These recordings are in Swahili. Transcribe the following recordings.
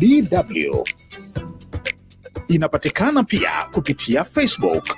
DW. Inapatikana pia kupitia Facebook.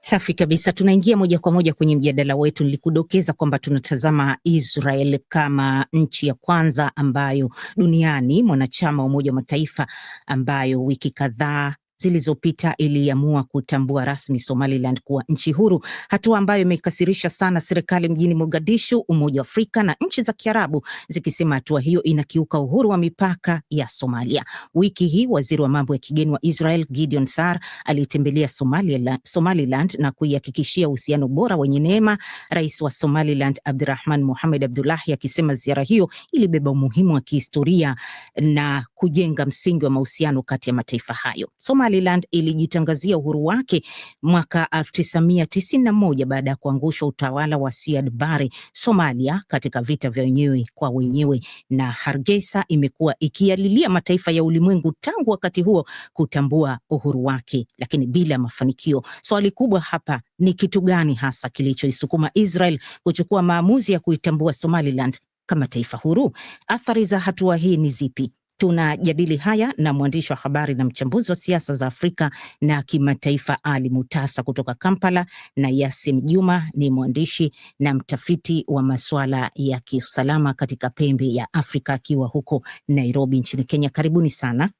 Safi kabisa, tunaingia moja kwa moja kwenye mjadala wetu. Nilikudokeza kwamba tunatazama Israel kama nchi ya kwanza ambayo duniani mwanachama wa Umoja wa Mataifa ambayo wiki kadhaa zilizopita iliamua kutambua rasmi Somaliland kuwa nchi huru, hatua ambayo imekasirisha sana serikali mjini Mogadishu, Umoja wa Afrika na nchi za Kiarabu zikisema hatua hiyo inakiuka uhuru wa mipaka ya Somalia. Wiki hii waziri wa mambo ya kigeni wa Israel Gideon sar alitembelea Somaliland, Somaliland na kuihakikishia uhusiano bora wenye neema, rais wa Somaliland Abdurahman muhamed Abdullahi akisema ziara hiyo ilibeba umuhimu wa kihistoria na kujenga msingi wa mahusiano kati ya mataifa hayo Somali Somaliland ilijitangazia uhuru wake mwaka 1991 baada ya kuangusha utawala wa Siad Barre Somalia katika vita vya wenyewe kwa wenyewe, na Hargeisa imekuwa ikialilia mataifa ya ulimwengu tangu wakati huo kutambua uhuru wake, lakini bila mafanikio. Swali kubwa hapa ni kitu gani hasa kilichoisukuma Israel kuchukua maamuzi ya kuitambua Somaliland kama taifa huru? Athari za hatua hii ni zipi? Tunajadili haya na mwandishi wa habari na mchambuzi wa siasa za Afrika na kimataifa Ali Mutasa kutoka Kampala, na Yasin Juma ni mwandishi na mtafiti wa masuala ya kiusalama katika pembe ya Afrika akiwa huko Nairobi nchini Kenya. Karibuni sana.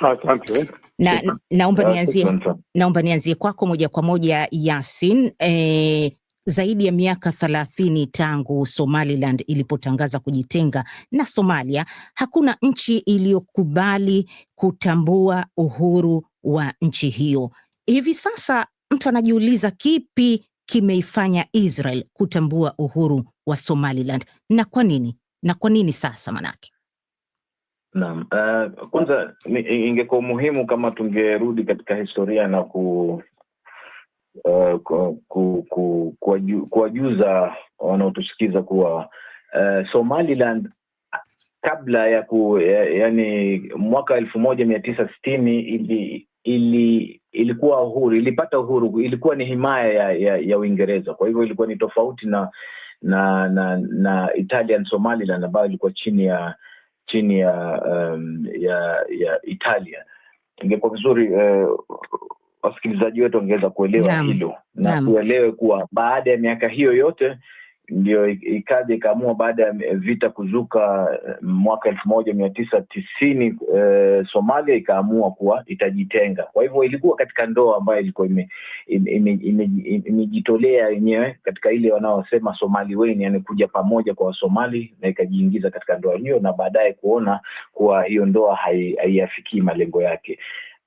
Asante. Na, naomba nianzie kwako moja kwa moja Yasin. Eh, zaidi ya miaka thelathini tangu Somaliland ilipotangaza kujitenga na Somalia, hakuna nchi iliyokubali kutambua uhuru wa nchi hiyo. Hivi sasa mtu anajiuliza kipi kimeifanya Israel kutambua uhuru wa Somaliland na kwa nini, na kwa nini sasa? Manake naam, uh, kwanza ingekuwa muhimu kama tungerudi katika historia na ku uh, kuwajuza wanaotusikiza kuwa uh, Somaliland kabla ya ku ya, yani mwaka elfu moja mia tisa sitini ili, ili ilikuwa uhuru ilipata uhuru ilikuwa ni himaya ya, ya, ya Uingereza. Kwa hivyo ilikuwa ni tofauti na na na, na Italian Somaliland ambayo ilikuwa chini ya chini ya um, ya, ya Italia. Ingekuwa vizuri uh, wasikilizaji wetu wangeweza kuelewa hilo na tuelewe kuwa baada ya miaka hiyo yote ndio ikaja ikaamua baada ya vita kuzuka eh, mwaka elfu moja mia tisa tisini e, Somalia ikaamua kuwa itajitenga. Kwa hivyo ilikuwa katika ndoa ambayo ilikuwa imejitolea yenyewe katika ile wanaosema Somali weni, yani kuja pamoja kwa Wasomali, na ikajiingiza katika ndoa hiyo, na baadaye kuona kuwa hiyo ndoa haiafikii hai malengo yake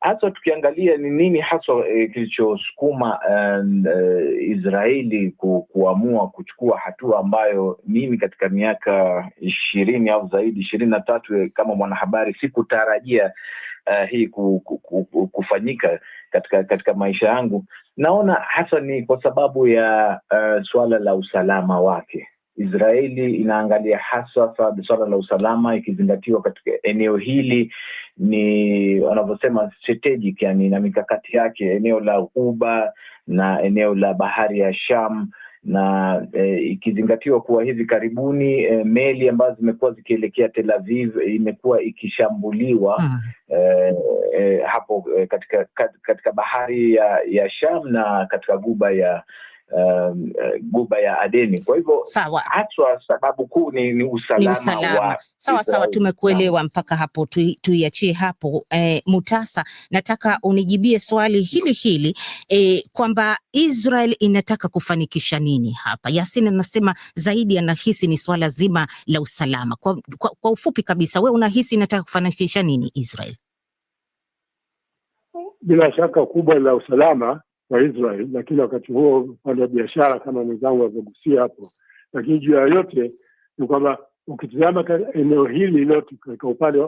hasa tukiangalia ni nini haswa e, eh, kilichosukuma um, e, eh, Israeli ku, kuamua kuchukua hatua ambayo mimi katika miaka ishirini au zaidi ishirini na tatu eh, kama mwanahabari sikutarajia uh, hii ku, ku, ku, kufanyika katika katika maisha yangu. Naona hasa ni kwa sababu ya uh, suala la usalama wake Israeli inaangalia haswa suala la usalama, ikizingatiwa katika eneo hili ni wanavyosema strategic, yani na mikakati yake, eneo la Ghuba na eneo la bahari ya Sham na e, ikizingatiwa kuwa hivi karibuni e, meli ambazo zimekuwa zikielekea Tel Aviv imekuwa ikishambuliwa ah. e, e, hapo e, katika, katika bahari ya, ya Sham na katika guba ya Um, eh, guba ya Adeni. Kwa hivyo haswa sababu kuu ni, ni usalama, ni usalama. Wa sawa sawa, tumekuelewa mpaka hapo, tuiachie hapo. Eh, Mutasa, nataka unijibie swali hili hili eh, kwamba Israel inataka kufanikisha nini hapa? Yasin anasema zaidi anahisi ni swala zima la usalama. Kwa, kwa, kwa ufupi kabisa, we unahisi inataka kufanikisha nini Israel? Bila shaka kubwa la usalama wa Israel, lakini wakati huo upande wa biashara kama mwenzangu alivyogusia hapo. Lakini juu ya yote ni kwamba ukitizama eneo hili lote katika upande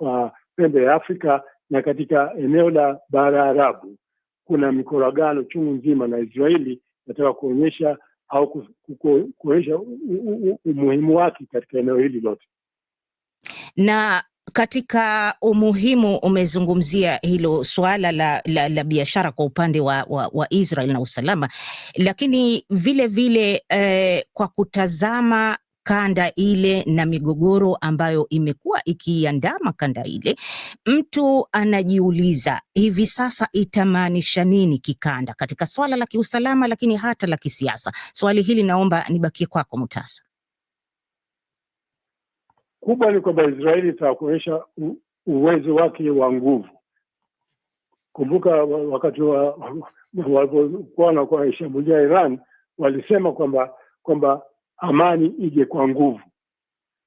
wa pembe ya Afrika na katika eneo la bara Arabu, kuna mikoragano chungu nzima, na Israeli nataka kuonyesha au kuonyesha umuhimu wake katika eneo hili lote na katika umuhimu umezungumzia hilo suala la, la, la biashara kwa upande wa, wa, wa Israel na usalama, lakini vile vile eh, kwa kutazama kanda ile na migogoro ambayo imekuwa ikiandama kanda ile, mtu anajiuliza hivi sasa itamaanisha nini kikanda katika swala la kiusalama, lakini hata la kisiasa. Swali hili naomba nibakie kwako Mutasa kubwa ni kwamba Israeli itakuonyesha uwezo wake wa nguvu. Kumbuka wakati walipokuwa wanakuwa waishambulia Iran walisema kwamba kwamba amani ije kwa nguvu.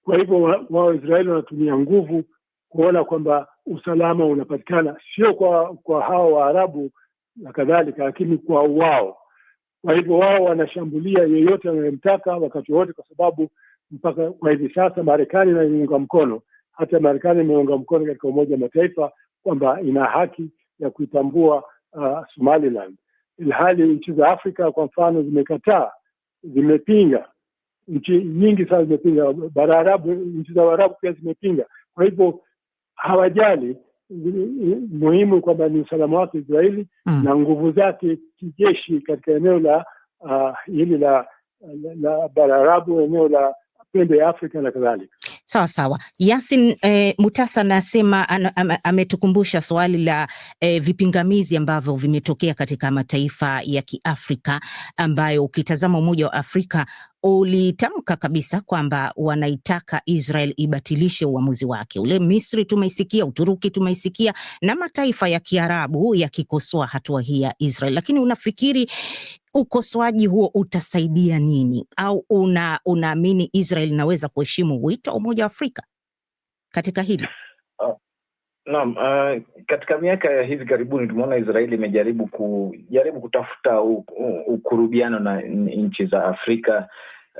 Kwa hivyo wao wa Israeli wanatumia nguvu kuona kwamba usalama unapatikana, sio kwa kwa hao Waarabu na kadhalika, lakini kwa wao. Kwa hivyo wao wanashambulia yeyote anayemtaka wakati wowote, kwa sababu mpaka kwa hivi sasa Marekani inaiunga mkono. Hata Marekani imeunga mkono katika Umoja wa Mataifa kwamba ina haki ya kuitambua uh, Somaliland, ilhali nchi za Afrika kwa mfano zimekataa, zimepinga. Nchi nyingi sana zimepinga, bara Arabu, nchi za Uarabu pia zimepinga. Kwa hivyo hawajali muhimu kwamba ni usalama wake Israeli mm. na nguvu zake kijeshi katika eneo la uh, hili la, la, la bara Arabu, eneo la mapendo ya Afrika na kadhalika. Sawa sawa. Yasin e, Mutasa anasema ametukumbusha am, swali la e, vipingamizi ambavyo vimetokea katika mataifa ya Kiafrika ambayo ukitazama Umoja wa Afrika ulitamka kabisa kwamba wanaitaka Israel ibatilishe uamuzi wake ule. Misri tumeisikia, Uturuki tumeisikia, na mataifa ya Kiarabu yakikosoa hatua hii ya Israel. Lakini unafikiri ukosoaji huo utasaidia nini, au una unaamini Israel inaweza kuheshimu wito wa Umoja wa Afrika katika hili? Uh, naam. Uh, katika miaka ya hivi karibuni tumeona Israeli imejaribu kujaribu kutafuta u, u, ukurubiano na nchi za Afrika.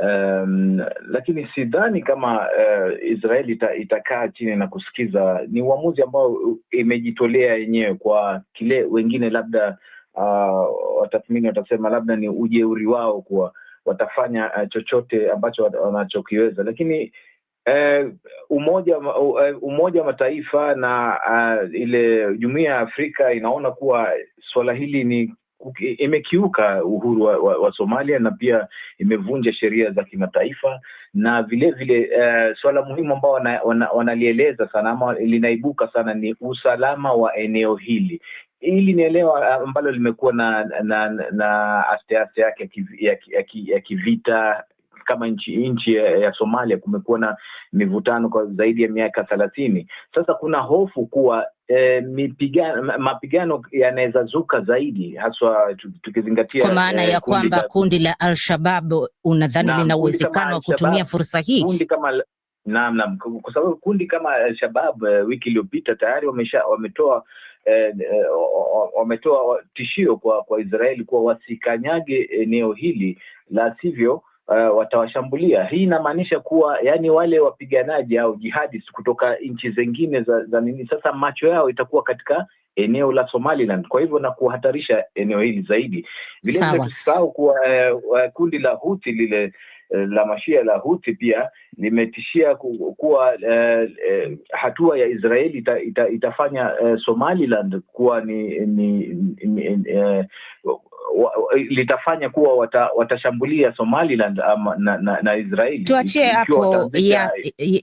Um, lakini sidhani kama uh, Israeli ita, itakaa chini na kusikiza. Ni uamuzi ambao imejitolea yenyewe kwa kile wengine labda uh, watathmini watasema labda ni ujeuri wao kuwa watafanya uh, chochote ambacho wanachokiweza, lakini uh, umoja uh, Umoja wa Mataifa na uh, ile jumuia ya Afrika inaona kuwa suala hili ni imekiuka uhuru wa, wa, wa Somalia na pia imevunja sheria za kimataifa na vilevile uh, suala muhimu ambao wanalieleza wana, wana sana ama linaibuka sana ni usalama wa eneo hili hili ni eneo ah, ambalo limekuwa na na na asteaste yake ya, ya kivita kama nchi nchi ya, ya Somalia kumekuwa na mivutano kwa zaidi ya miaka thelathini sasa. Kuna hofu kuwa e, eh, mipigano, mapigano yanaweza zuka zaidi, haswa tukizingatia kwa maana eh, ya kwamba kundi la Al-Shabab unadhani lina uwezekano wa kutumia fursa hii kundi kama naam naam, kwa sababu kundi kama alshabab shabab eh, wiki iliyopita tayari wametoa Eh, eh, wametoa eh, tishio kwa kwa Israeli kuwa wasikanyage eneo hili la sivyo Uh, watawashambulia. Hii inamaanisha kuwa yani wale wapiganaji au jihadi kutoka nchi zingine za, za nini sasa macho yao itakuwa katika eneo la Somaliland, kwa hivyo na kuhatarisha eneo hili zaidi. Vilevile tusisahau kuwa uh, kundi la Huti lile Eh, la mashia la huti pia limetishia kuwa eh, eh, hatua ya Israeli ita, ita, itafanya eh, Somaliland kuwa ni, ni, ni eh, wa, litafanya kuwa wata, watashambulia Somaliland ama, na, na, na Israeli. Tuachie hapo ya,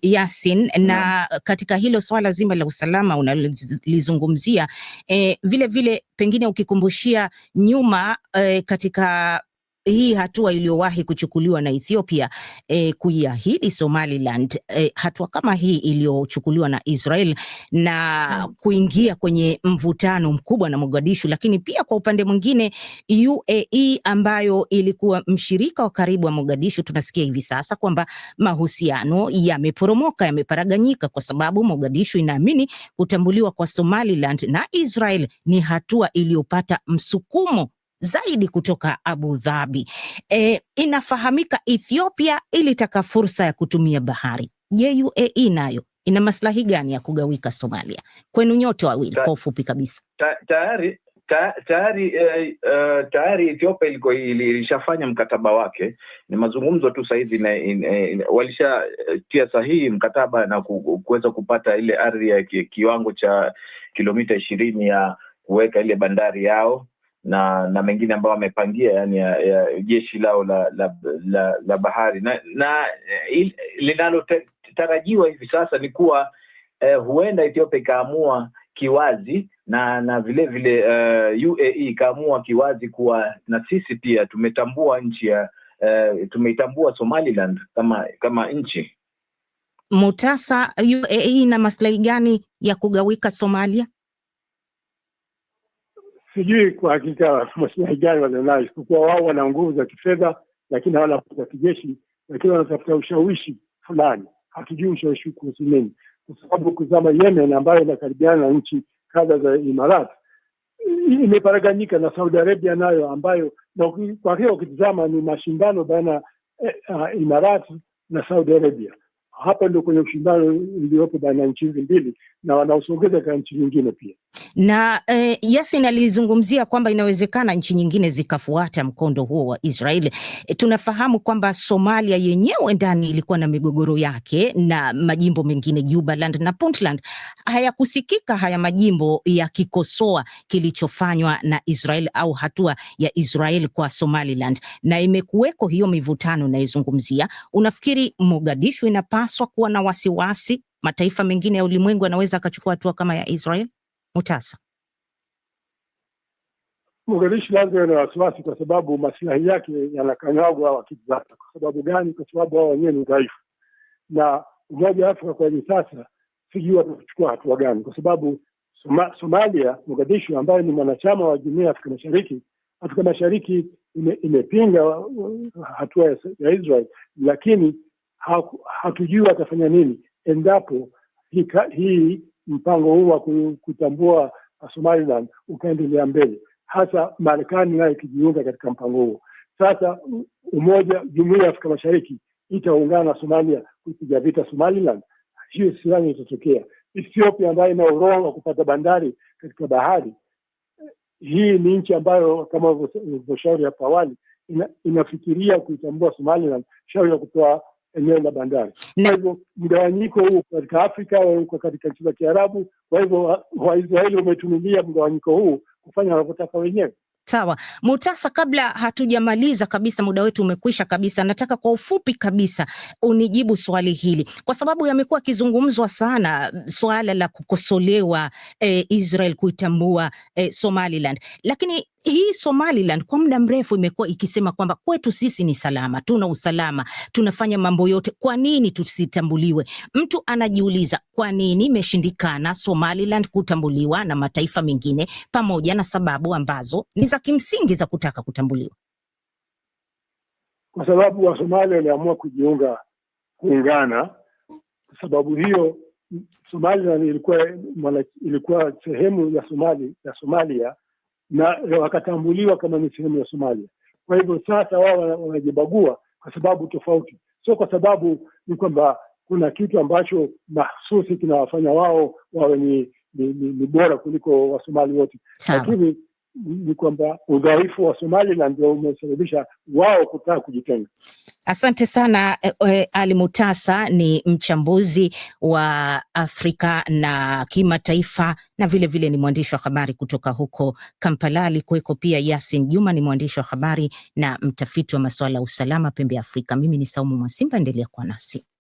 Yasin na yeah. Katika hilo swala zima la usalama unalizungumzia eh, vile vile pengine ukikumbushia nyuma eh, katika hii hatua iliyowahi kuchukuliwa na Ethiopia eh, kuiahidi Somaliland eh, hatua kama hii iliyochukuliwa na Israel na hmm. kuingia kwenye mvutano mkubwa na Mogadishu, lakini pia kwa upande mwingine UAE ambayo ilikuwa mshirika wa karibu wa Mogadishu, tunasikia hivi sasa kwamba mahusiano yameporomoka, yameparaganyika kwa sababu Mogadishu inaamini kutambuliwa kwa Somaliland na Israel ni hatua iliyopata msukumo zaidi kutoka Abu Dhabi. E, inafahamika Ethiopia ilitaka fursa ya kutumia bahari. Je, UAE nayo ina maslahi gani ya kugawika Somalia? Kwenu nyote wawili kwa ufupi kabisa. Tayari ta, tayari uh, uh, Ethiopia iliko ilishafanya mkataba wake, ni mazungumzo tu sahizi, e, walishatia sahihi mkataba na kuweza kupata ile ardhi ya kiwango cha kilomita ishirini ya kuweka ile bandari yao na na mengine ambayo wamepangia yani ya, ya jeshi lao la la, la, la bahari na, na eh, linalotarajiwa hivi sasa ni kuwa eh, huenda Ethiopia ikaamua kiwazi na na vile vile uh, eh, UAE ikaamua kiwazi kuwa na sisi pia tumetambua nchi ya uh, tumeitambua Somaliland kama kama nchi. Mutasa, UAE ina maslahi gani ya kugawika Somalia? Sijui kwa hakika masilahi gani walionayo, isipokuwa wao wana nguvu za kifedha, lakini hawana nguvu za kijeshi, lakini wanatafuta ushawishi fulani. Hatujui ushawishi kuhusu nini, kwa sababu kuzama Yemen ambayo inakaribiana na nchi kadha za Imarat imeparaganyika na Saudi Arabia nayo ambayo na kwa hiyo ukitizama ni mashindano baina uh, eh, Imarat na Saudi Arabia. Hapa ndio kwenye ushindano uliopo baina ya nchi hizi mbili na wanaosongeza katika nchi nyingine pia na eh, Yasin alizungumzia kwamba inawezekana nchi nyingine zikafuata mkondo huo wa israel E, tunafahamu kwamba Somalia yenyewe ndani ilikuwa na migogoro yake na majimbo mengine Jubaland na Puntland. Hayakusikika haya majimbo yakikosoa kilichofanywa na Israel au hatua ya Israel kwa Somaliland, na imekuweko hiyo mivutano inayozungumzia. Unafikiri Mogadishu inapaswa kuwa na wasiwasi? Mataifa mengine ya ulimwengu yanaweza akachukua hatua kama ya Israel? Mutasa. Mogadishi Lanzo yana wasiwasi kwa sababu masilahi yake yanakanyagwa wakizata. Kwa sababu gani? Kwa sababu hao wenyewe ni dhaifu, na Umoja wa Afrika kwa hivi sasa sijui watachukua hatua gani, kwa sababu Soma, Somalia, Mogadishu ambayo ni mwanachama wa jumuia ya Afrika Mashariki, Afrika Mashariki imepinga ime uh, hatua ya, ya Israel, lakini hatujui watafanya nini endapo hii mpango huu wa kutambua Somaliland ukaendelea mbele, hasa Marekani nayo ikijiunga katika mpango huo. Sasa umoja, jumuia ya Afrika Mashariki itaungana na Somalia kuipiga vita Somaliland, hiyo sidhani itatokea. Ethiopia ambayo ina uroa wa kupata bandari katika bahari hii ni nchi ambayo kama ulivyoshauri hapo awali ina, inafikiria kuitambua Somaliland, shauri ya kutoa eneo la bandari. Kwa hivyo mgawanyiko huo katika Afrika uko katika nchi za Kiarabu. Kwa hivyo Waisraeli wametumilia mgawanyiko huu kufanya wanavyotaka wenyewe. Sawa Mutasa, kabla hatujamaliza kabisa, muda wetu umekwisha kabisa, nataka kwa ufupi kabisa unijibu swali hili, kwa sababu yamekuwa akizungumzwa sana swala la kukosolewa eh, Israel kuitambua eh, Somaliland, lakini hii Somaliland kwa muda mrefu imekuwa ikisema kwamba kwetu sisi ni salama, tuna usalama, tunafanya mambo yote. Kwa nini tusitambuliwe? Mtu anajiuliza kwa nini imeshindikana Somaliland kutambuliwa na mataifa mengine, pamoja na sababu ambazo ni za kimsingi za kutaka kutambuliwa. Kwa sababu Wasomalia waliamua kujiunga, kuungana. Kwa sababu hiyo Somaliland ilikuwa ilikuwa sehemu ya Somali ya Somalia na wakatambuliwa kama ni sehemu ya Somalia. Kwa hivyo sasa wao wanajibagua kwa sababu tofauti, sio kwa sababu ni kwamba kuna kitu ambacho mahsusi kinawafanya wao wawe ni, ni, ni, ni bora kuliko Wasomali wote, lakini ni kwamba udhaifu wa Somaliland ndio umesababisha wao kutaka kujitenga. Asante sana eh, eh, Ali Mutasa ni mchambuzi wa Afrika na kimataifa na vilevile vile ni mwandishi wa habari kutoka huko Kampala. Alikuweko pia Yasin Juma, ni mwandishi wa habari na mtafiti wa masuala ya usalama pembe ya Afrika. Mimi ni Saumu Mwasimba, endelea kuwa nasi.